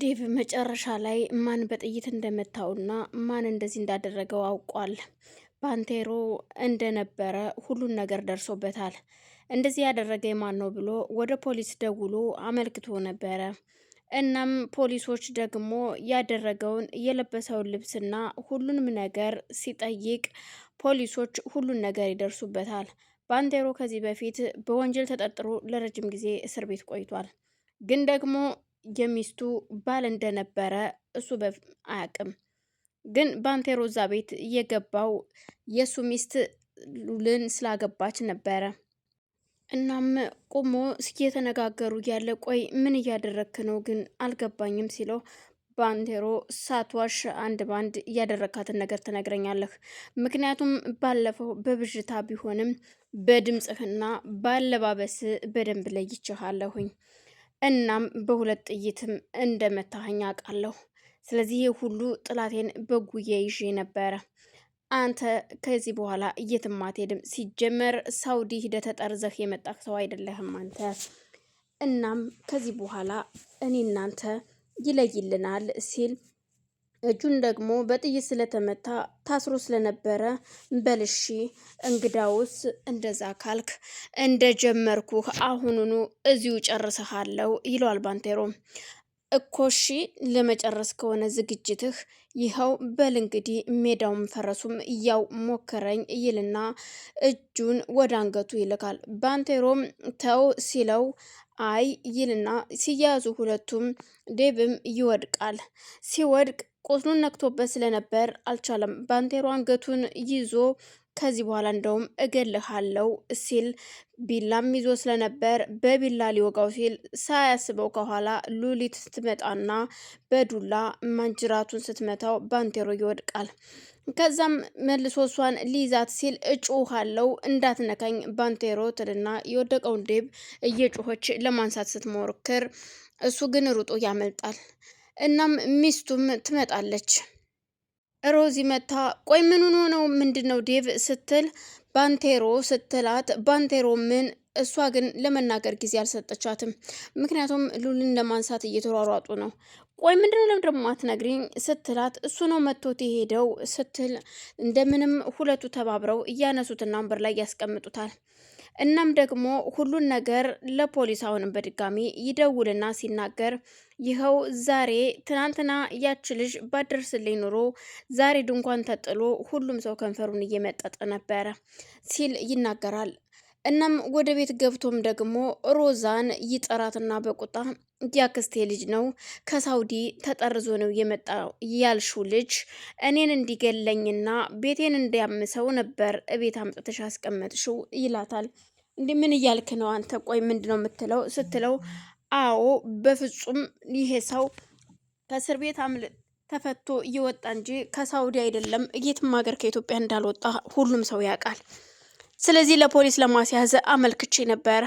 ዴቭ መጨረሻ ላይ ማን በጥይት እንደመታውና ማን እንደዚህ እንዳደረገው አውቋል። ባንቴሮ እንደነበረ ሁሉን ነገር ደርሶበታል። እንደዚህ ያደረገ ማን ነው ብሎ ወደ ፖሊስ ደውሎ አመልክቶ ነበረ። እናም ፖሊሶች ደግሞ ያደረገውን የለበሰውን ልብስና ሁሉንም ነገር ሲጠይቅ ፖሊሶች ሁሉን ነገር ይደርሱበታል። ባንቴሮ ከዚህ በፊት በወንጀል ተጠርጥሮ ለረጅም ጊዜ እስር ቤት ቆይቷል። ግን ደግሞ የሚስቱ ባል እንደነበረ እሱ አያውቅም። ግን ባንቴሮዛ እዛ ቤት የገባው የእሱ ሚስት ሉልን ስላገባች ነበረ። እናም ቁሞ እስኪ የተነጋገሩ እያለ ቆይ ምን እያደረክ ነው ግን አልገባኝም ሲለው ባንቴሮ ሳትዋሽ አንድ ባንድ እያደረካትን ነገር ትነግረኛለህ። ምክንያቱም ባለፈው በብዥታ ቢሆንም በድምፅህና ባለባበስ በደንብ ለይችሃለሁኝ። እናም በሁለት ጥይትም እንደመታኸኝ አውቃለሁ። ስለዚህ ይህ ሁሉ ጥላቴን በጉዬ ይዤ ነበረ። አንተ ከዚህ በኋላ የትም አትሄድም። ሲጀመር ሳውዲ ሂደህ ተጠርዘህ የመጣህ ሰው አይደለህም አንተ። እናም ከዚህ በኋላ እኔ እናንተ ይለይልናል ሲል እጁን ደግሞ በጥይት ስለተመታ ታስሮ ስለነበረ በልሺ እንግዳውስ እንደዛ ካልክ እንደጀመርኩህ አሁኑኑ እዚሁ ጨርሰሃለው ይለዋል ባንቴሮ እኮሺ ለመጨረስ ከሆነ ዝግጅትህ ይኸው በል እንግዲህ ሜዳውም ፈረሱም ያው ሞከረኝ ይልና እጁን ወደ አንገቱ ይልካል። ባንቴሮም ተው ሲለው አይ ይልና ሲያያዙ ሁለቱም ዴብም ይወድቃል። ሲወድቅ ቁስሉን ነክቶበት ስለነበር አልቻለም። ባንቴሮ አንገቱን ይዞ ከዚህ በኋላ እንደውም እገልሃለው ሲል ቢላም ይዞ ስለነበር በቢላ ሊወጋው ሲል ሳያስበው ከኋላ ሉሊት ስትመጣና በዱላ ማንጅራቱን ስትመታው ባንቴሮ ይወድቃል። ከዛም መልሶ እሷን ሊይዛት ሲል እጩሃለው እንዳትነካኝ ባንቴሮ ትልና የወደቀውን ዴብ እየጩሆች ለማንሳት ስትሞክር እሱ ግን ሩጦ ያመልጣል። እናም ሚስቱም ትመጣለች። ሮዚ መታ ቆይ ምን ሆኖ ነው ምንድን ነው ዴቭ ስትል ባንቴሮ ስትላት ባንቴሮ ምን እሷ ግን ለመናገር ጊዜ አልሰጠቻትም። ምክንያቱም ሉልን ለማንሳት እየተሯሯጡ ነው። ቆይ ምንድነው ለምድር ማትነግሪኝ ስትላት እሱ ነው መቶት የሄደው ስትል እንደምንም ሁለቱ ተባብረው እያነሱትና ወንበር ላይ ያስቀምጡታል። እናም ደግሞ ሁሉን ነገር ለፖሊስ አሁንም በድጋሚ ይደውልና ሲናገር ይኸው ዛሬ ትናንትና ያች ልጅ ባደርስልኝ ኑሮ ዛሬ ድንኳን ተጥሎ ሁሉም ሰው ከንፈሩን እየመጠጠ ነበረ ሲል ይናገራል። እናም ወደ ቤት ገብቶም ደግሞ ሮዛን ይጠራትና በቁጣ ያክስቴ ልጅ ነው ከሳውዲ ተጠርዞ ነው የመጣው ያልሹ ልጅ እኔን እንዲገለኝና ቤቴን እንዲያምሰው ነበር እቤት አምጥተሽ አስቀመጥሽው ይላታል። ምን እያልክ ነው አንተ? ቆይ ምንድነው የምትለው ስትለው አዎ በፍጹም ይሄ ሰው ከእስር ቤት አምል ተፈቶ እየወጣ እንጂ ከሳውዲ አይደለም። የትም ሀገር ከኢትዮጵያ እንዳልወጣ ሁሉም ሰው ያውቃል። ስለዚህ ለፖሊስ ለማስያዝ አመልክቼ ነበር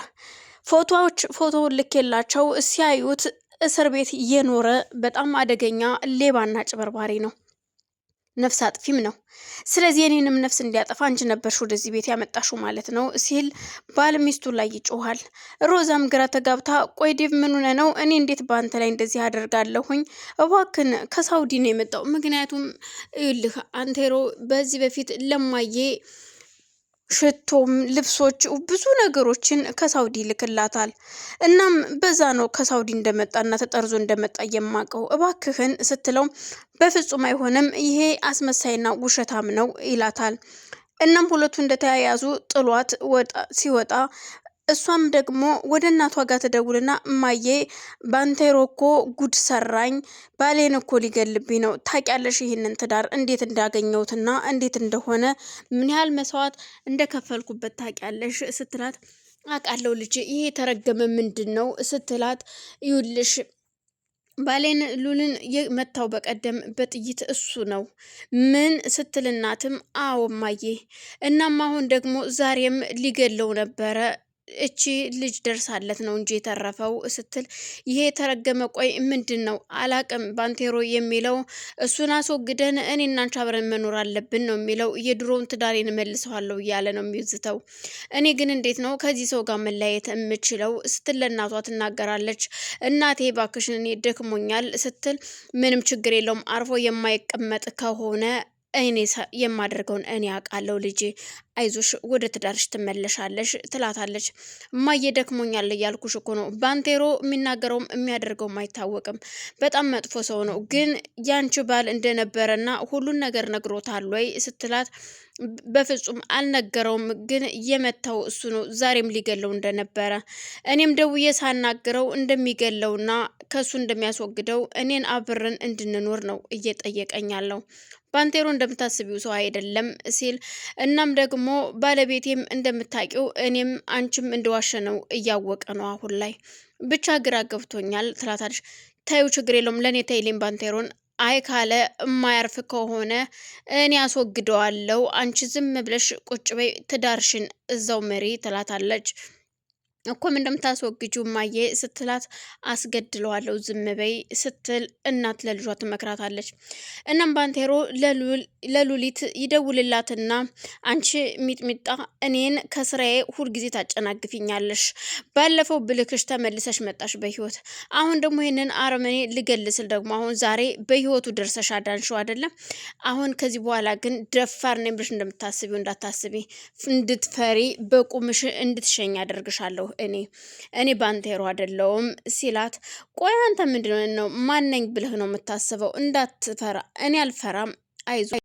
ፎቶዎች ፎቶ ልኬላቸው ሲያዩት እስር ቤት የኖረ በጣም አደገኛ ሌባና ጭበርባሪ ነው፣ ነፍስ አጥፊም ነው። ስለዚህ የኔንም ነፍስ እንዲያጠፋ አንቺ ነበርሽ ወደዚህ ቤት ያመጣሹ ማለት ነው ሲል ባል ሚስቱ ላይ ይጮኋል። ሮዛም ግራ ተጋብታ ቆይ ዴቭ ምን ሆነ ነው? እኔ እንዴት በአንተ ላይ እንደዚህ አደርጋለሁኝ? እባክን ከሳውዲ ነው የመጣው። ምክንያቱም ይልህ አንቴሮ በዚህ በፊት ለማየ ሽቶም፣ ልብሶች፣ ብዙ ነገሮችን ከሳውዲ ይልክላታል። እናም በዛ ነው ከሳውዲ እንደመጣና ተጠርዞ እንደመጣ የማቀው እባክህን ስትለው በፍጹም አይሆንም ይሄ አስመሳይና ውሸታም ነው ይላታል። እናም ሁለቱ እንደተያያዙ ጥሏት ሲወጣ እሷም ደግሞ ወደ እናቷ ጋር ተደውልና እማዬ ባንቴሮ እኮ ጉድ ሰራኝ፣ ባሌን እኮ ሊገልብኝ ነው። ታውቂያለሽ ይህንን ትዳር እንዴት እንዳገኘሁትና እንዴት እንደሆነ ምን ያህል መስዋዕት እንደከፈልኩበት ታውቂያለሽ ስትላት፣ አውቃለሁ ልጅ፣ ይሄ የተረገመ ምንድን ነው ስትላት፣ ይውልሽ ባሌን ሉልን የመታው በቀደም በጥይት እሱ ነው። ምን ስትል እናትም አዎ እማዬ፣ እናም አሁን ደግሞ ዛሬም ሊገለው ነበረ እቺ ልጅ ደርሳለት ነው እንጂ የተረፈው ስትል ይሄ የተረገመ ቆይ ምንድን ነው አላቅም። ባንቴሮ የሚለው እሱን አስወግደን እኔ እናንቺ አብረን መኖር አለብን ነው የሚለው። የድሮውን ትዳሬን መልሰዋለው እያለ ነው የሚዝተው። እኔ ግን እንዴት ነው ከዚህ ሰው ጋር መለያየት የምችለው ስትል ለእናቷ ትናገራለች። እናቴ ባክሽን እኔ ደክሞኛል ስትል ምንም ችግር የለውም አርፎ የማይቀመጥ ከሆነ እኔ የማደርገውን እኔ አውቃለሁ ልጄ አይዞሽ ወደ ትዳርሽ ትመለሻለሽ ትላታለች። እማዬ ደክሞኛል እያልኩሽ እኮ ነው። ባንቴሮ የሚናገረውም የሚያደርገውም አይታወቅም። በጣም መጥፎ ሰው ነው። ግን ያንቺ ባል እንደነበረና ሁሉን ነገር ነግሮታል ወይ ስትላት በፍጹም አልነገረውም፣ ግን የመታው እሱ ነው። ዛሬም ሊገለው እንደነበረ እኔም ደውዬ ሳናግረው እንደሚገለውና ከእሱ እንደሚያስወግደው እኔን አብረን እንድንኖር ነው እየጠየቀኛለው። ባንቴሮ እንደምታስቢው ሰው አይደለም ሲል እናም ደግሞ ደግሞ ባለቤቴም እንደምታውቂው እኔም አንቺም እንደዋሸ ነው እያወቀ ነው አሁን ላይ ብቻ ግራ ገብቶኛል ትላታለች። ታዩ ችግር የለውም ለእኔ ተይሌም ባንቴሮን አይ ካለ የማያርፍ ከሆነ እኔ አስወግደዋለሁ። አንቺ ዝም ብለሽ ቁጭ በይ፣ ትዳርሽን እዛው መሪ ትላታለች። እኮም እንደምታስወግጁ ማዬ ስትላት አስገድለዋለሁ ዝም በይ ስትል እናት ለልጇ ትመክራታለች። እናም ባንቴሮ ለሉሊት ይደውልላትና አንቺ ሚጥሚጣ እኔን ከስራዬ ሁልጊዜ ታጨናግፊኛለሽ፣ ባለፈው ብልክሽ ተመልሰሽ መጣሽ በህይወት አሁን ደግሞ ይህንን አረመኔ ልገልስል ደግሞ አሁን ዛሬ በህይወቱ ደርሰሽ አዳንሽው አይደለም። አሁን ከዚህ በኋላ ግን ደፋር ነኝ ብለሽ እንደምታስቢው እንዳታስቢ፣ እንድትፈሪ በቁምሽ እንድትሸኝ አደርግሻለሁ እኔ እኔ ባንቴሮ አይደለውም ሲላት፣ ቆይ አንተ ምንድን ነው ማነኝ ብለህ ነው የምታስበው? እንዳትፈራ። እኔ አልፈራም፣ አይዞ